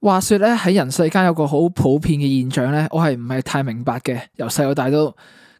話說咧，喺人世間有個好普遍嘅現象咧，我係唔係太明白嘅。由細到大都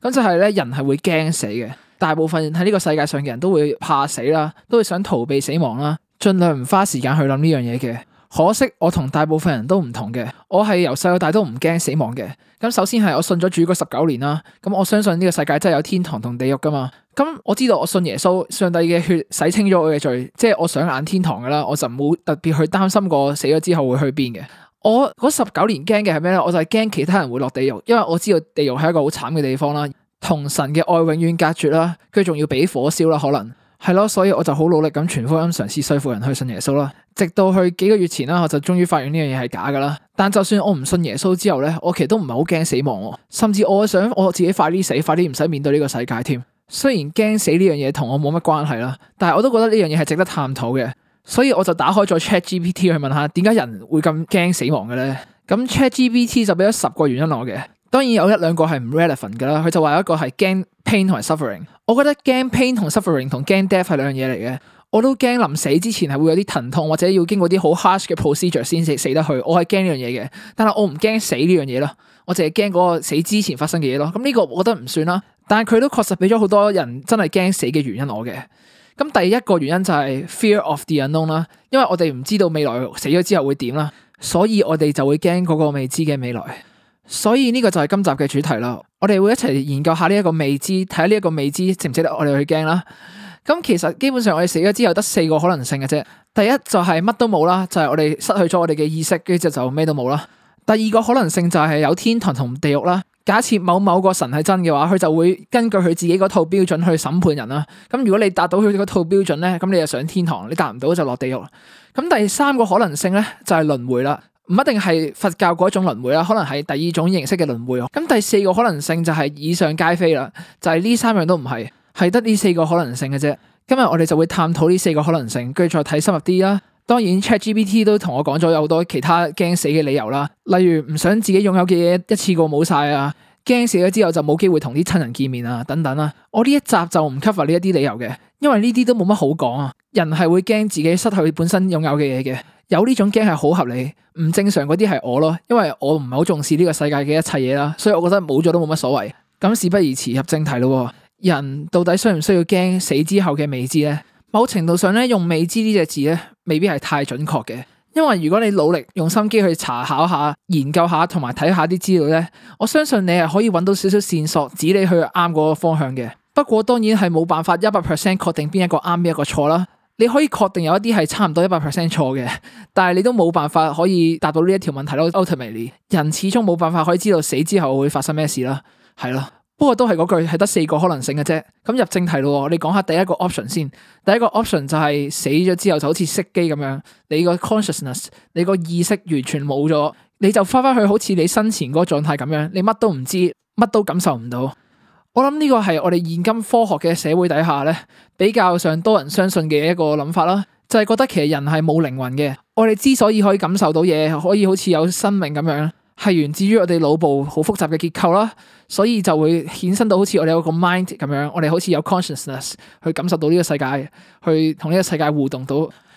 咁就係咧，人係會驚死嘅。大部分喺呢個世界上嘅人都會怕死啦，都會想逃避死亡啦，盡量唔花時間去諗呢樣嘢嘅。可惜我同大部分人都唔同嘅，我係由細到大都唔驚死亡嘅。咁首先係我信咗主個十九年啦，咁我相信呢個世界真係有天堂同地獄噶嘛。咁、嗯、我知道我信耶穌，上帝嘅血洗清咗我嘅罪，即係我想眼天堂噶啦，我就冇特別去擔心過死咗之後會去邊嘅。我嗰十九年驚嘅係咩咧？我就係驚其他人會落地獄，因為我知道地獄係一個好慘嘅地方啦，同神嘅愛永遠隔絕啦，佢仲要俾火燒啦，可能係咯，所以我就好努力咁全福音嘗試說服人去信耶穌啦。直到去幾個月前啦，我就終於發現呢樣嘢係假噶啦。但就算我唔信耶穌之後咧，我其實都唔係好驚死亡，甚至我想我自己快啲死，快啲唔使面對呢個世界添。雖然驚死呢樣嘢同我冇乜關係啦，但係我都覺得呢樣嘢係值得探討嘅，所以我就打開咗 Chat GPT 去問下點解人會咁驚死亡嘅咧？咁 Chat GPT 就俾咗十個原因我嘅，當然有一兩個係唔 relevant 噶啦。佢就話有一個係驚 pain 同埋 suffering，我覺得驚 pain 同 suffering 同驚 death 係兩樣嘢嚟嘅。我都驚臨死之前係會有啲疼痛或者要經過啲好 harsh 嘅 procedure 先死,死得去。我係驚呢樣嘢嘅，但係我唔驚死呢樣嘢咯。我淨係驚嗰個死之前發生嘅嘢咯。咁呢個我覺得唔算啦。但係佢都確實俾咗好多人真係驚死嘅原因我嘅，咁第一個原因就係 fear of the unknown 啦，因為我哋唔知道未來死咗之後會點啦，所以我哋就會驚嗰個未知嘅未來。所以呢個就係今集嘅主題啦，我哋會一齊研究下呢一個未知，睇下呢一個未知值唔值得我哋去驚啦。咁其實基本上我哋死咗之後得四個可能性嘅啫，第一就係乜都冇啦，就係我哋失去咗我哋嘅意識，跟住就咩都冇啦。第二個可能性就係有天堂同地獄啦。假設某某個神係真嘅話，佢就會根據佢自己嗰套標準去審判人啦。咁如果你達到佢哋嗰套標準咧，咁你就上天堂；你達唔到就落地獄啦。咁第三個可能性咧就係輪回啦，唔一定係佛教嗰一種輪回啦，可能係第二種形式嘅輪回哦。咁第四個可能性就係以上皆非啦，就係呢三樣都唔係，係得呢四個可能性嘅啫。今日我哋就會探討呢四個可能性，跟住再睇深入啲啦。當然 ChatGPT 都同我講咗有好多其他驚死嘅理由啦，例如唔想自己擁有嘅嘢一次過冇晒啊，驚死咗之後就冇機會同啲親人見面啊，等等啦、啊。我呢一集就唔 cover 呢一啲理由嘅，因為呢啲都冇乜好講啊。人係會驚自己失去本身擁有嘅嘢嘅，有呢種驚係好合理，唔正常嗰啲係我咯，因為我唔係好重視呢個世界嘅一切嘢啦，所以我覺得冇咗都冇乜所謂。咁事不宜遲，入正題咯。人到底需唔需要驚死之後嘅未知呢？某程度上咧，用未知呢隻字咧。未必係太準確嘅，因為如果你努力用心機去查考下、研究下同埋睇下啲資料咧，我相信你係可以搵到少少線索，指你去啱嗰個方向嘅。不過當然係冇辦法一百 percent 確定邊一個啱邊一個錯啦。你可以確定有一啲係差唔多一百 percent 錯嘅，但係你都冇辦法可以答到呢一條問題咯。Ultimately，人始終冇辦法可以知道死之後會發生咩事啦，係咯。不過都係嗰句，係得四個可能性嘅啫。咁入正題咯，你講下第一個 option 先。第一個 option 就係死咗之後就好似熄機咁樣，你個 consciousness，你個意識完全冇咗，你就翻返去好似你生前嗰個狀態咁樣，你乜都唔知，乜都感受唔到。我諗呢個係我哋現今科學嘅社會底下咧，比較上多人相信嘅一個諗法啦，就係覺得其實人係冇靈魂嘅。我哋之所以可以感受到嘢，可以好似有生命咁樣。係源自於我哋腦部好複雜嘅結構啦，所以就會衍生到好似我哋有個 mind 咁樣，我哋好似有 consciousness 去感受到呢個世界，去同呢個世界互動到。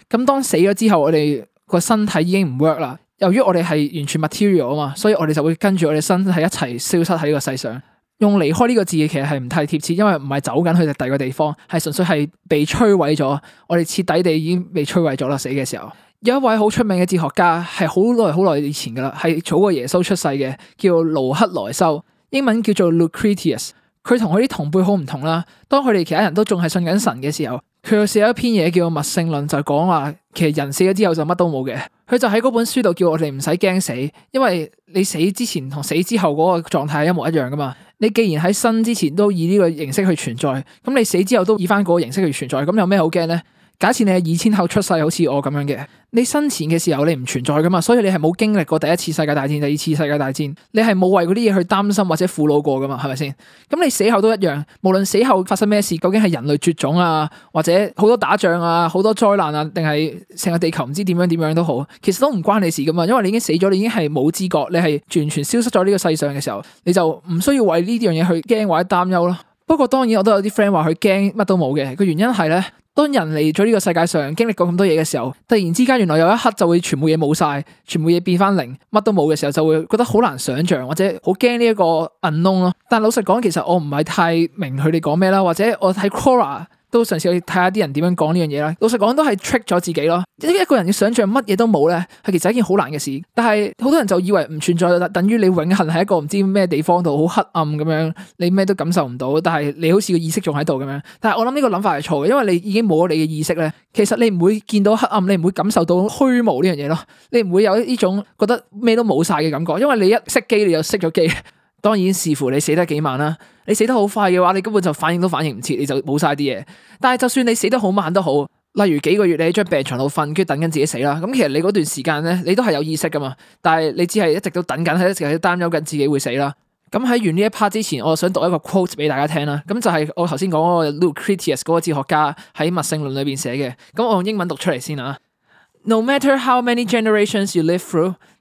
咁當死咗之後，我哋個身體已經唔 work 啦。由於我哋係完全 material 啊嘛，所以我哋就會跟住我哋身體一齊消失喺呢個世上。用離開呢個字其實係唔太貼切，因為唔係走緊去第二個地方，係純粹係被摧毀咗。我哋徹底地已經被摧毀咗啦，死嘅時候。有一位好出名嘅哲學家，係好耐好耐以前噶啦，係早過耶穌出世嘅，叫盧克萊修，英文叫做 Lucretius。佢同佢啲同輩好唔同啦。當佢哋其他人都仲係信緊神嘅時候，佢又寫咗一篇嘢叫做《物性論》，就講話其實人死咗之後就乜都冇嘅。佢就喺嗰本書度叫我哋唔使驚死，因為你死之前同死之後嗰個狀態係一模一樣噶嘛。你既然喺生之前都以呢個形式去存在，咁你死之後都以翻嗰個形式去存在，咁有咩好驚咧？假設你係二千後出世，好似我咁樣嘅，你生前嘅時候你唔存在噶嘛，所以你係冇經歷過第一次世界大戰、第二次世界大戰，你係冇為嗰啲嘢去擔心或者苦惱過噶嘛，係咪先？咁你死後都一樣，無論死後發生咩事，究竟係人類絕種啊，或者好多打仗啊，好多災難啊，定係成個地球唔知點樣點樣都好，其實都唔關你事噶嘛，因為你已經死咗，你已經係冇知覺，你係完全消失咗呢個世上嘅時候，你就唔需要為呢啲樣嘢去驚或者擔憂囉。不過當然我有朋友都有啲 friend 話佢驚乜都冇嘅個原因係咧，當人嚟咗呢個世界上經歷過咁多嘢嘅時候，突然之間原來有一刻就會全部嘢冇晒，全部嘢變翻零，乜都冇嘅時候就會覺得好難想象或者好驚呢一個 unknown 咯。但老實講，其實我唔係太明佢哋講咩啦，或者我睇 Korra 都嘗試去睇下啲人點樣講呢樣嘢啦。老實講都係 trick 咗自己咯。一一個人嘅想象，乜嘢都冇咧，係其實一件好難嘅事。但係好多人就以為唔存在就等於你永恆喺一個唔知咩地方度，好黑暗咁樣，你咩都感受唔到。但係你好似個意識仲喺度咁樣。但係我諗呢個諗法係錯嘅，因為你已經冇咗你嘅意識咧，其實你唔會見到黑暗，你唔會感受到虛無呢樣嘢咯。你唔會有呢種覺得咩都冇晒嘅感覺，因為你一熄機你就熄咗機。 當然視乎你死得幾慢啦，你死得好快嘅話，你根本就反應都反應唔切，你就冇晒啲嘢。但係就算你死得好慢都好，例如幾個月你喺張病床度瞓，跟住等緊自己死啦。咁其實你嗰段時間咧，你都係有意識噶嘛。但係你只係一直都等緊，喺一直都擔憂緊自己會死啦。咁喺完呢一 part 之前，我想讀一個 quote 俾大家聽啦。咁就係我頭先講嗰個 Lucretius 嗰個哲學家喺《物性論》裏邊寫嘅。咁我用英文讀出嚟先啊。No matter how many generations you live through.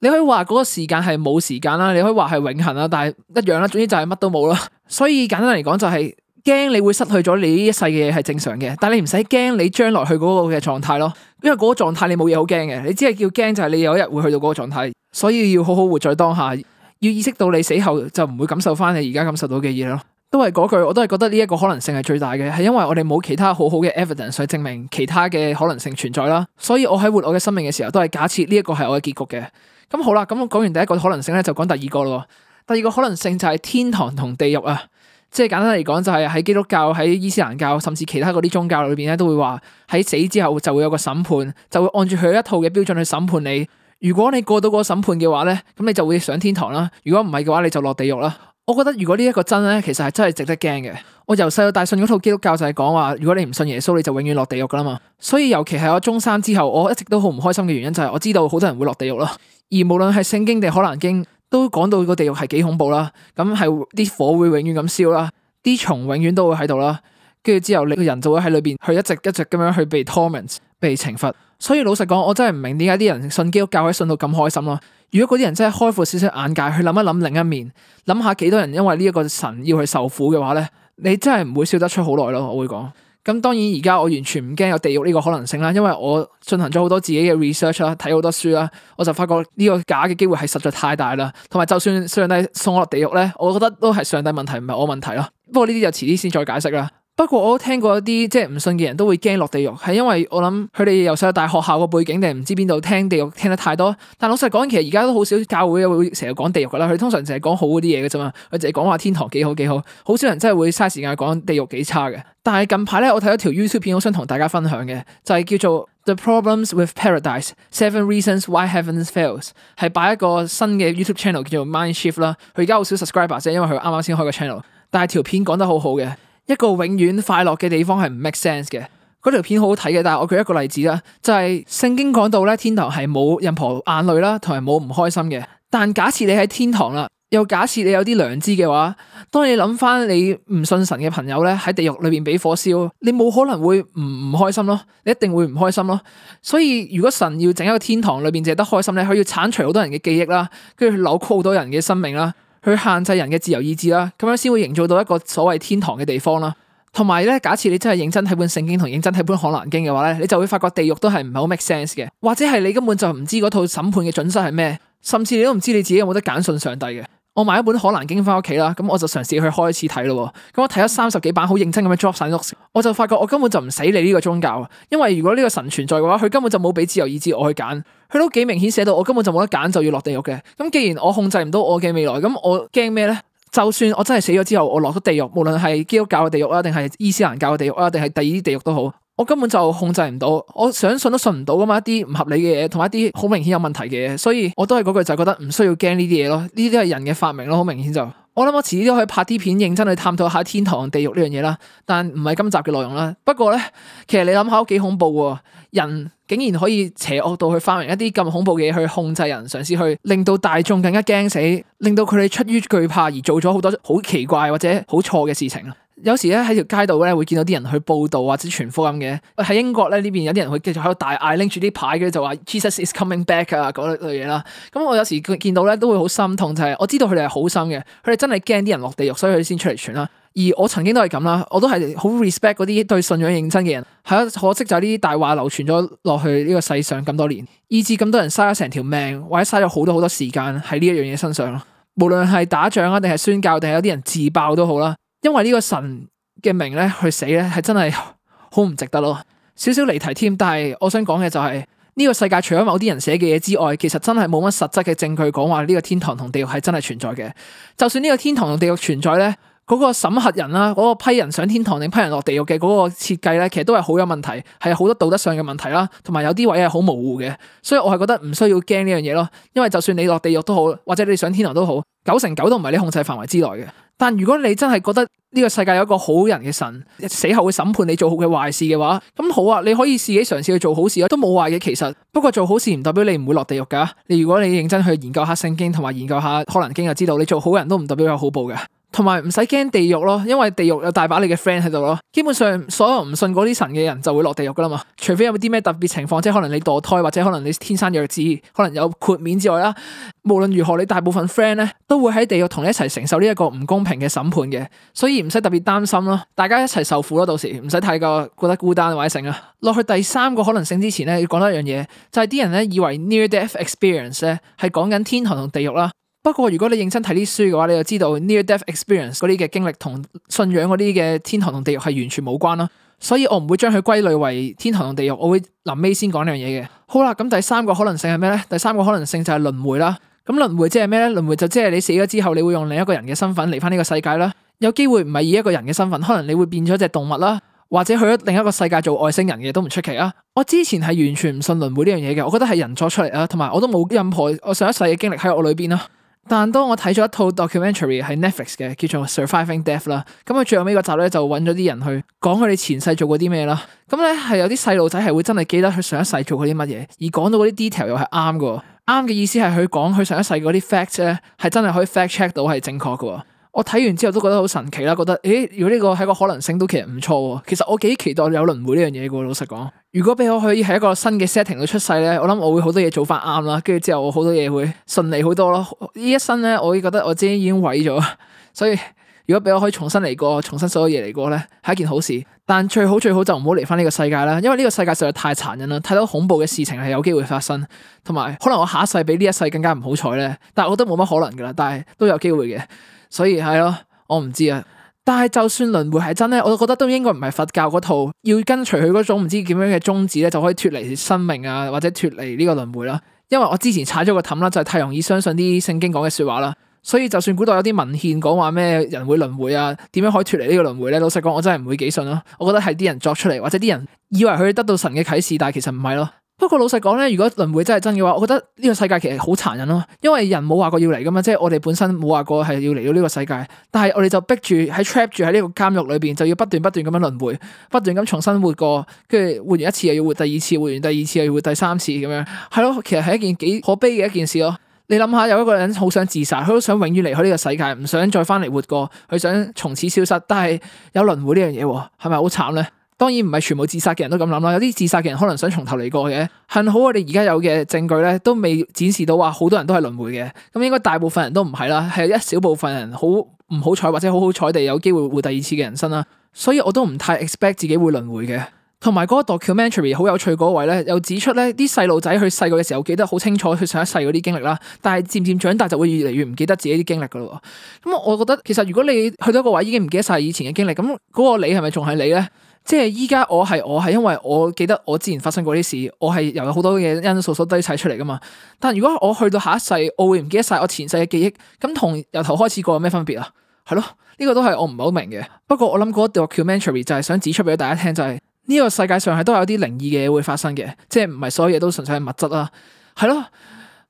你可以話嗰個時間係冇時間啦，你可以話係永恒啦，但係一樣啦，總之就係乜都冇啦。 所以簡單嚟講就係、是、驚你會失去咗你呢一世嘅嘢係正常嘅，但係你唔使驚你將來去嗰個嘅狀態咯，因為嗰個狀態你冇嘢好驚嘅，你只係叫驚就係你有一日會去到嗰個狀態，所以要好好活在當下，要意識到你死後就唔會感受翻你而家感受到嘅嘢咯。都係嗰句，我都係覺得呢一個可能性係最大嘅，係因為我哋冇其他好好嘅 evidence 去證明其他嘅可能性存在啦。所以我喺活我嘅生命嘅時候，都係假設呢一個係我嘅結局嘅。咁好啦，咁我講完第一個可能性咧，就講第二個咯。第二個可能性就係天堂同地獄啊，即係簡單嚟講，就係喺基督教，喺伊斯蘭教，甚至其他嗰啲宗教裏邊咧，都會話喺死之後就會有個審判，就會按住佢一套嘅標準去審判你。如果你過到個審判嘅話咧，咁你就會上天堂啦；如果唔係嘅話，你就落地獄啦。我覺得如果呢一個真咧，其實係真係值得驚嘅。我由細到大信嗰套基督教就係講話，如果你唔信耶穌，你就永遠落地獄噶啦嘛。所以尤其係我中三之後，我一直都好唔開心嘅原因就係我知道好多人會落地獄咯。而無論係聖經定《可蘭經》，都講到個地獄係幾恐怖啦。咁係啲火會永遠咁燒啦，啲蟲永遠都會喺度啦。跟住之後你個人就會喺裏邊，去一直一直咁樣去被 torment，被懲罰。所以老實講，我真係唔明點解啲人信基督教可以信到咁開心咯。如果嗰啲人真係開闊少少眼界，去諗一諗另一面，諗下幾多人因為呢一個神要去受苦嘅話咧，你真係唔會笑得出好耐咯。我會講，咁當然而家我完全唔驚有地獄呢個可能性啦，因為我進行咗好多自己嘅 research 啦，睇好多書啦，我就發覺呢個假嘅機會係實在太大啦，同埋就算上帝送我落地獄咧，我覺得都係上帝問題，唔係我問題咯。不過呢啲就遲啲先再解釋啦。不過我都聽過一啲即係唔信嘅人都會驚落地獄，係因為我諗佢哋由細到大學校個背景定係唔知邊度聽地獄聽得太多。但老實講，其實而家都好少教會會成日講地獄噶啦，佢通常成日講好啲嘢噶啫嘛，佢淨係講話天堂幾好幾好，好少人真係會嘥時間講地獄幾差嘅。但係近排咧，我睇咗條 YouTube 片，好想同大家分享嘅就係、是、叫做 The Problems with Paradise Seven Reasons Why Heaven Fails，係擺一個新嘅 YouTube channel 叫做 MindShift 啦。佢而家好少 subscriber 啫，因為佢啱啱先開個 channel，但係條片講得好好嘅。一個永遠快樂嘅地方係唔 make sense 嘅，嗰條片好好睇嘅。但係我舉一個例子啦，就係、是、聖經講到咧，天堂係冇任何眼淚啦，同埋冇唔開心嘅。但假設你喺天堂啦，又假設你有啲良知嘅話，當你諗翻你唔信神嘅朋友咧，喺地獄裏邊俾火燒，你冇可能會唔唔開心咯，你一定會唔開心咯。所以如果神要整一個天堂裏邊淨係得開心咧，可以鏟除好多人嘅記憶啦，跟住扭曲好多人嘅生命啦。去限制人嘅自由意志啦，咁樣先會營造到一個所謂天堂嘅地方啦。同埋咧，假設你真係認真睇本聖經同認真睇本《可蘭經》嘅話咧，你就會發覺地獄都係唔係好 make sense 嘅，或者係你根本就唔知嗰套審判嘅準則係咩，甚至你都唔知你自己有冇得揀信上帝嘅。我買一本《可蘭經》翻屋企啦，咁我就嘗試去開始睇咯喎。咁我睇咗三十幾版，好認真咁樣 drop 晒 notes，我就發覺我根本就唔使理呢個宗教。因為如果呢個神存在嘅話，佢根本就冇俾自由意志我去揀，佢都幾明顯寫到我根本就冇得揀，就要落地獄嘅。咁既然我控制唔到我嘅未來，咁我驚咩咧？就算我真係死咗之後，我落咗地獄，無論係基督教嘅地獄啊，定係伊斯蘭教嘅地獄啊，定係第二啲地獄都好。我根本就控制唔到，我想信都信唔到噶嘛，一啲唔合理嘅嘢，同埋一啲好明顯有問題嘅嘢，所以我都係嗰句，就係覺得唔需要驚呢啲嘢咯。呢啲係人嘅發明咯，好明顯就，我諗我遲啲都可以拍啲片，認真去探討下天堂、地獄呢樣嘢啦。但唔係今集嘅內容啦。不過咧，其實你諗下都幾恐怖喎，人竟然可以邪惡到去發明一啲咁恐怖嘅嘢去控制人，嘗試去令到大眾更加驚死，令到佢哋出於懼怕而做咗好多好奇怪或者好錯嘅事情。有時咧，喺條街度咧會見到啲人去報道或者傳呼咁嘅。喺英國咧呢邊有啲人會繼續喺度大嗌拎住啲牌嘅就話 Jesus is coming back 啊，嗰一類嘢啦。咁、嗯、我有時見到咧都會好心痛，就係、是、我知道佢哋係好心嘅，佢哋真係驚啲人落地獄，所以佢哋先出嚟傳啦。而我曾經都係咁啦，我都係好 respect 嗰啲對信仰認真嘅人。係咯，可惜就係呢啲大話流傳咗落去呢個世上咁多年，以致咁多人嘥咗成條命，或者嘥咗好多好多時間喺呢一樣嘢身上咯。無論係打仗啊，定係宣教，定係有啲人自爆都好啦。因為呢個神嘅名咧去死咧係真係好唔值得咯，少少離題添。但係我想講嘅就係呢個世界除咗某啲人寫嘅嘢之外，其實真係冇乜實質嘅證據講話呢個天堂同地獄係真係存在嘅。就算呢個天堂同地獄存在咧，嗰個審核人啦，嗰個批人上天堂定批人落地獄嘅嗰個設計咧，其實都係好有問題，係好多道德上嘅問題啦，同埋有啲位係好模糊嘅。所以我係覺得唔需要驚呢樣嘢咯。因為就算你落地獄都好，或者你上天堂都好，九成九都唔係你控制範圍之內嘅。但如果你真係覺得，呢個世界有一個好人嘅神，死後會審判你做好嘅壞事嘅話，咁好啊！你可以自己嘗試去做好事啊，都冇壞嘅。其實不過做好事唔代表你唔會落地獄噶。你如果你認真去研究下聖經同埋研究下可蘭經，就知道你做好人都唔代表有好報嘅。同埋唔使驚地獄咯，因為地獄有大把你嘅 friend 喺度咯。基本上所有唔信嗰啲神嘅人就會落地獄噶啦嘛，除非有啲咩特別情況，即係可能你墮胎或者可能你天生弱智，可能有豁免之外啦。無論如何，你大部分 friend 咧，都會喺地獄同你一齊承受呢一個唔公平嘅審判嘅，所以唔使特別擔心咯。大家一齊受苦咯，到時唔使太過覺得孤單或者剩啊。落去第三個可能性之前咧，要講多一樣嘢，就係啲人咧，以為 near death experience 咧係講緊天堂同地獄啦。不過如果你認真睇啲書嘅話，你就知道 Near Death Experience 嗰啲嘅經歷同信仰嗰啲嘅天堂同地獄係完全冇關啦。所以我唔會將佢歸類為天堂同地獄，我會臨尾先講呢樣嘢嘅。好啦，咁第三個可能性係咩咧？第三個可能性就係輪回啦。咁輪回即係咩咧？輪回就即係你死咗之後，你會用另一個人嘅身份嚟翻呢個世界啦。有機會唔係以一個人嘅身份，可能你會變咗隻動物啦，或者去咗另一個世界做外星人嘅都唔出奇啊。我之前係完全唔信輪回呢樣嘢嘅，我覺得係人作出嚟啊，同埋我都冇任何我上一世嘅經歷喺我裏邊啦。但當我睇咗一套 documentary 係 Netflix 嘅，叫做《Surviving Death》啦，咁佢最後尾個集咧就揾咗啲人去講佢哋前世做過啲咩啦，咁咧係有啲細路仔係會真係記得佢上一世做過啲乜嘢，而講到嗰啲 detail 又係啱㗎喎。啱嘅意思係佢講佢上一世嗰啲 fact 咧係真係可以 fact check 到係正確㗎喎。我睇完之後都覺得好神奇啦，覺得誒，如果呢個係個可能性都其實唔錯喎，其實我幾期待有輪迴呢樣嘢㗎喎，老實講。如果俾我可以喺一個新嘅 setting 度出世咧，我諗我會好多嘢做翻啱啦，跟住之後我好多嘢會順利好多咯。呢一生咧，我覺得我自己已經毀咗，所以如果俾我可以重新嚟過，重新所有嘢嚟過咧，係一件好事。但最好最好就唔好嚟翻呢個世界啦，因為呢個世界實在太殘忍啦，太多恐怖嘅事情係有機會發生，同埋可能我下一世比呢一世更加唔好彩咧。但我覺得冇乜可能噶啦，但係都有機會嘅，所以係咯，我唔知啊。但係就算輪迴係真咧，我覺得都應該唔係佛教嗰套要跟隨佢嗰種唔知點樣嘅宗旨咧，就可以脫離生命啊，或者脫離呢個輪迴啦。因為我之前踩咗個氹啦，就係太容易相信啲聖經講嘅說話啦。所以就算古代有啲文獻講話咩人會輪迴啊，點樣可以脫離呢個輪迴咧？老實講，我真係唔會幾信咯。我覺得係啲人作出嚟，或者啲人以為佢得到神嘅啟示，但係其實唔係咯。不過老實講咧，如果輪迴真係真嘅話，我覺得呢個世界其實好殘忍咯、啊。因為人冇話過要嚟噶嘛，即係我哋本身冇話過係要嚟到呢個世界，但係我哋就逼住喺 trap 住喺呢個監獄裏邊，就要不斷不斷咁樣輪迴，不斷咁重新活過，跟住活完一次又要活第二次，活完第二次又要活第三次咁樣，係咯，其實係一件幾可悲嘅一件事咯、啊。你諗下，有一個人好想自殺，佢都想永遠離開呢個世界，唔想再翻嚟活過，佢想從此消失，但係有輪迴、啊、呢樣嘢，係咪好慘咧？當然唔係全部自殺嘅人都咁諗啦，有啲自殺嘅人可能想從頭嚟過嘅。幸好我哋而家有嘅證據咧，都未展示到話好多人都係輪迴嘅。咁應該大部分人都唔係啦，係一小部分人好唔好彩或者好好彩地有機會活第二次嘅人生啦。所以我都唔太 expect 自己會輪迴嘅。同埋嗰個 documentary 好有趣嗰位，咧，又指出咧啲細路仔，佢細個嘅時候記得好清楚佢上一世嗰啲經歷啦，但係漸漸長大就會越嚟越唔記得自己啲經歷噶啦。咁我覺得其實如果你去到一個位已經唔記得晒以前嘅經歷，咁嗰個你係咪仲係你咧？即係依家，我係我係因為我記得我之前發生過啲事，我係由好多嘅因素所堆砌出嚟噶嘛。但如果我去到下一世，我會唔記得晒我前世嘅記憶，咁同由頭開始過有咩分別啊？係咯，呢個都係我唔係好明嘅。不過我諗嗰個 documentary 就係想指出俾大家聽，就係呢個世界上係都有一啲靈異嘅嘢會發生嘅，即係唔係所有嘢都純粹係物質啦。係咯，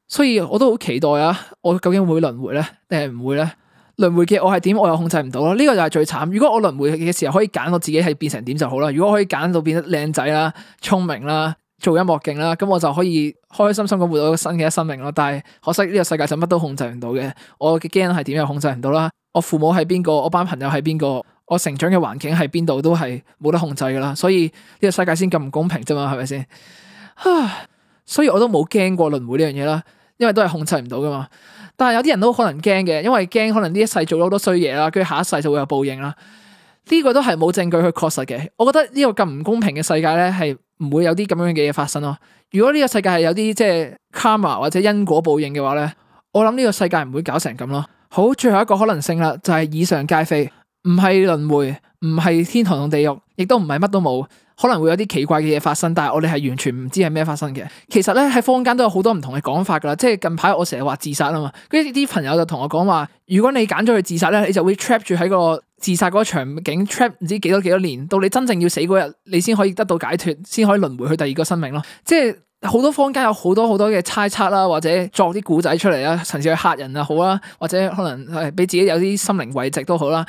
所以我都好期待啊，我究竟會輪迴咧，定係唔會咧？輪迴嘅我係點，我又控制唔到啦。呢個就係最慘。如果我輪迴嘅時候可以揀我自己係變成點就好啦。如果我可以揀到變得靚仔啦、聰明啦、做音樂勁啦，咁我就可以開開心心咁活到新嘅一生命咯。但係可惜呢個世界就乜都控制唔到嘅。我嘅基因係點又控制唔到啦。我父母係邊個，我班朋友係邊個，我成長嘅環境係邊度都係冇得控制噶啦。所以呢個世界先咁唔公平啫嘛，係咪先？啊，所以我都冇驚過輪迴呢樣嘢啦，因為都係控制唔到噶嘛。但係有啲人都可能驚嘅，因為驚可能呢一世做咗好多衰嘢啦，跟住下一世就會有報應啦。呢個都係冇證據去確實嘅。我覺得呢個咁唔公平嘅世界咧，係唔會有啲咁樣嘅嘢發生咯。如果呢個世界係有啲即係 karma 或者因果報應嘅話咧，我諗呢個世界唔會搞成咁咯。好，最後一個可能性啦，就係以上皆非，唔係輪迴，唔係天堂同地獄，亦都唔係乜都冇。可能會有啲奇怪嘅嘢發生，但係我哋係完全唔知係咩發生嘅。其實咧，喺坊間都有好多唔同嘅講法噶啦，即係近排我成日話自殺啊嘛，跟住啲朋友就同我講話，如果你揀咗去自殺咧，你就會 trap 住喺個自殺嗰個場景 trap 唔知幾多幾多年，到你真正要死嗰日，你先可以得到解脫，先可以輪迴去第二個生命咯。即係好多坊間有好多好多嘅猜測啦，或者作啲古仔出嚟啦，甚至去嚇人又好啦，或者可能係俾自己有啲心靈慰藉都好啦，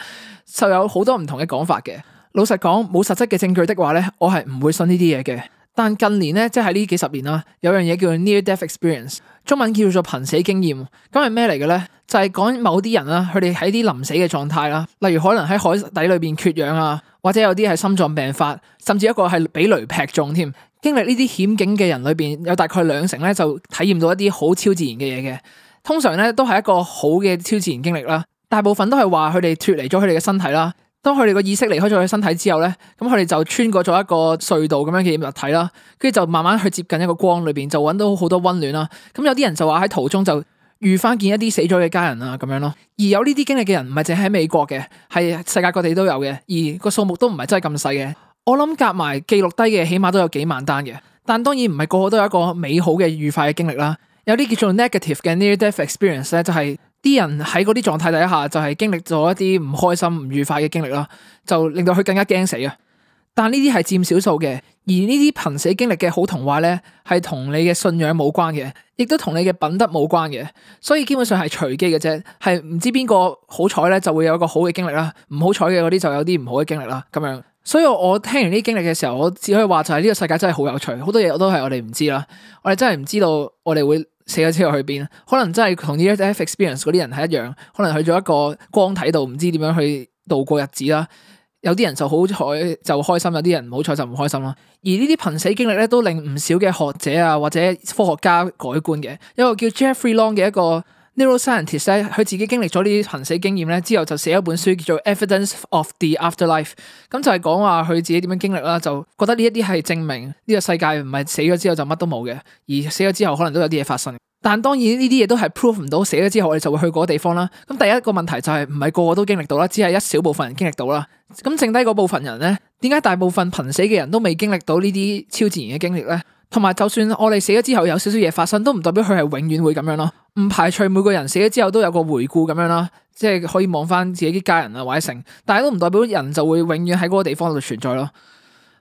就有好多唔同嘅講法嘅。老實講，冇實質嘅證據的話咧，我係唔會信呢啲嘢嘅。但近年咧，即係呢幾十年啦，有樣嘢叫做 Near Death Experience，中文叫做瀕死經驗。咁係咩嚟嘅咧？就係講某啲人啦，佢哋喺啲臨死嘅狀態啦，例如可能喺海底裏邊缺氧啊，或者有啲係心臟病發，甚至一個係俾雷劈中添。經歷呢啲險境嘅人裏邊，有大概兩成咧就體驗到一啲好超自然嘅嘢嘅。通常咧都係一個好嘅超自然經歷啦，大部分都係話佢哋脫離咗佢哋嘅身體啦。當佢哋個意識離開咗佢身體之後咧，咁佢哋就穿過咗一個隧道咁樣嘅物體啦，跟住就慢慢去接近一個光裏邊，就搵到好多溫暖啦。咁有啲人就話喺途中就遇翻見一啲死咗嘅家人啊咁樣咯。而有呢啲經歷嘅人唔係淨喺美國嘅，係世界各地都有嘅，而個數目都唔係真係咁細嘅。我諗夾埋記錄低嘅起碼都有幾萬單嘅，但當然唔係個個都有一個美好嘅愉快嘅經歷啦。有啲叫做 negative 嘅 near death experience 咧，就係、是。啲人喺嗰啲狀態底下就係經歷咗一啲唔開心唔愉快嘅經歷啦，就令到佢更加驚死啊！但呢啲係佔少數嘅，而呢啲瀕死經歷嘅好童話咧，係同你嘅信仰冇關嘅，亦都同你嘅品德冇關嘅，所以基本上係隨機嘅啫，係唔知邊個好彩咧就會有一個好嘅經歷啦，唔好彩嘅嗰啲就有啲唔好嘅經歷啦，咁樣。所以我聽完呢啲經歷嘅時候，我只可以話就係呢個世界真係好有趣，好多嘢我都係我哋唔知啦，我哋真係唔知道我哋會死咗之後去邊，可能真係同呢個 life experience 嗰啲人係一樣，可能去咗一個光體度，唔知點樣去度過日子啦。有啲人就好彩就開心，有啲人唔好彩就唔開心啦。而呢啲瀕死經歷咧，都令唔少嘅學者啊或者科學家改觀嘅。有一個叫 Jeffrey Long 嘅一個。Neuroscientist，佢自己經歷咗呢啲瀕死經驗咧，之後就寫咗本書叫做、e《Evidence of the Afterlife》。咁就係講話佢自己點樣經歷啦，就覺得呢一啲係證明呢個世界唔係死咗之後就乜都冇嘅，而死咗之後可能都有啲嘢發生。但當然呢啲嘢都係 prove 唔到死咗之後我哋就會去嗰個地方啦。咁第一個問題就係唔係個個都經歷到啦，只係一小部分人經歷到啦。咁剩低嗰部分人咧，點解大部分瀕死嘅人都未經歷到呢啲超自然嘅經歷咧？同埋，就算我哋死咗之後有少少嘢發生，都唔代表佢係永遠會咁樣咯。唔排除每個人死咗之後都有個回顧咁樣咯，即係可以望翻自己啲家人啊或者成，但係都唔代表人就會永遠喺嗰個地方度存在咯。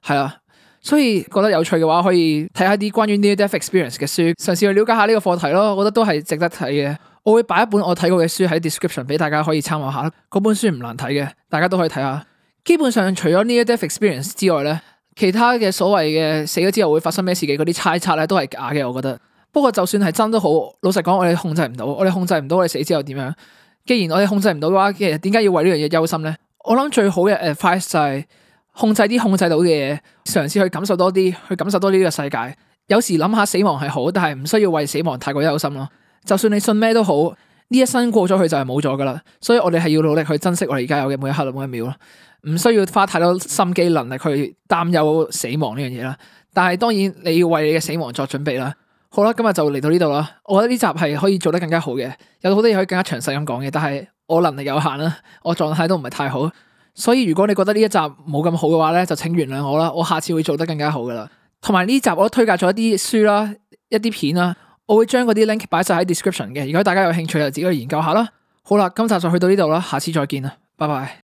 係啊，所以覺得有趣嘅話，可以睇下啲關於 near death experience 嘅書，嘗試去了解下呢個課題咯。我覺得都係值得睇嘅。我會擺一本我睇過嘅書喺 description 俾大家可以參考下。嗰本書唔難睇嘅，大家都可以睇下。基本上除咗 near death experience 之外咧。其他嘅所謂嘅死咗之後會發生咩事嘅嗰啲猜測咧，都係假嘅，我覺得。不過就算係真都好，老實講，我哋控制唔到，我哋控制唔到我哋死之後點樣。既然我哋控制唔到嘅話，其實點解要為呢樣嘢憂心咧？我諗最好嘅誒 advice 就係控制啲控制到嘅嘢，嘗試去感受多啲，去感受多啲呢個世界。有時諗下死亡係好，但係唔需要為死亡太過憂心咯。就算你信咩都好。呢一生過咗去就係冇咗噶啦，所以我哋係要努力去珍惜我哋而家有嘅每一刻每一秒咯，唔需要花太多心機能力去擔憂死亡呢樣嘢啦。但係當然你要為你嘅死亡作準備啦。好啦，今日就嚟到呢度啦。我覺得呢集係可以做得更加好嘅，有好多嘢可以更加詳細咁講嘅。但係我能力有限啦，我狀態都唔係太好，所以如果你覺得呢一集冇咁好嘅話咧，就請原諒我啦。我下次會做得更加好噶啦同埋呢集我都推介咗一啲書啦，一啲片啦。我會將嗰啲 link 擺晒喺 description 嘅，如果大家有興趣就自己去研究下啦。好啦，今集就去到呢度啦，下次再見啦，拜拜。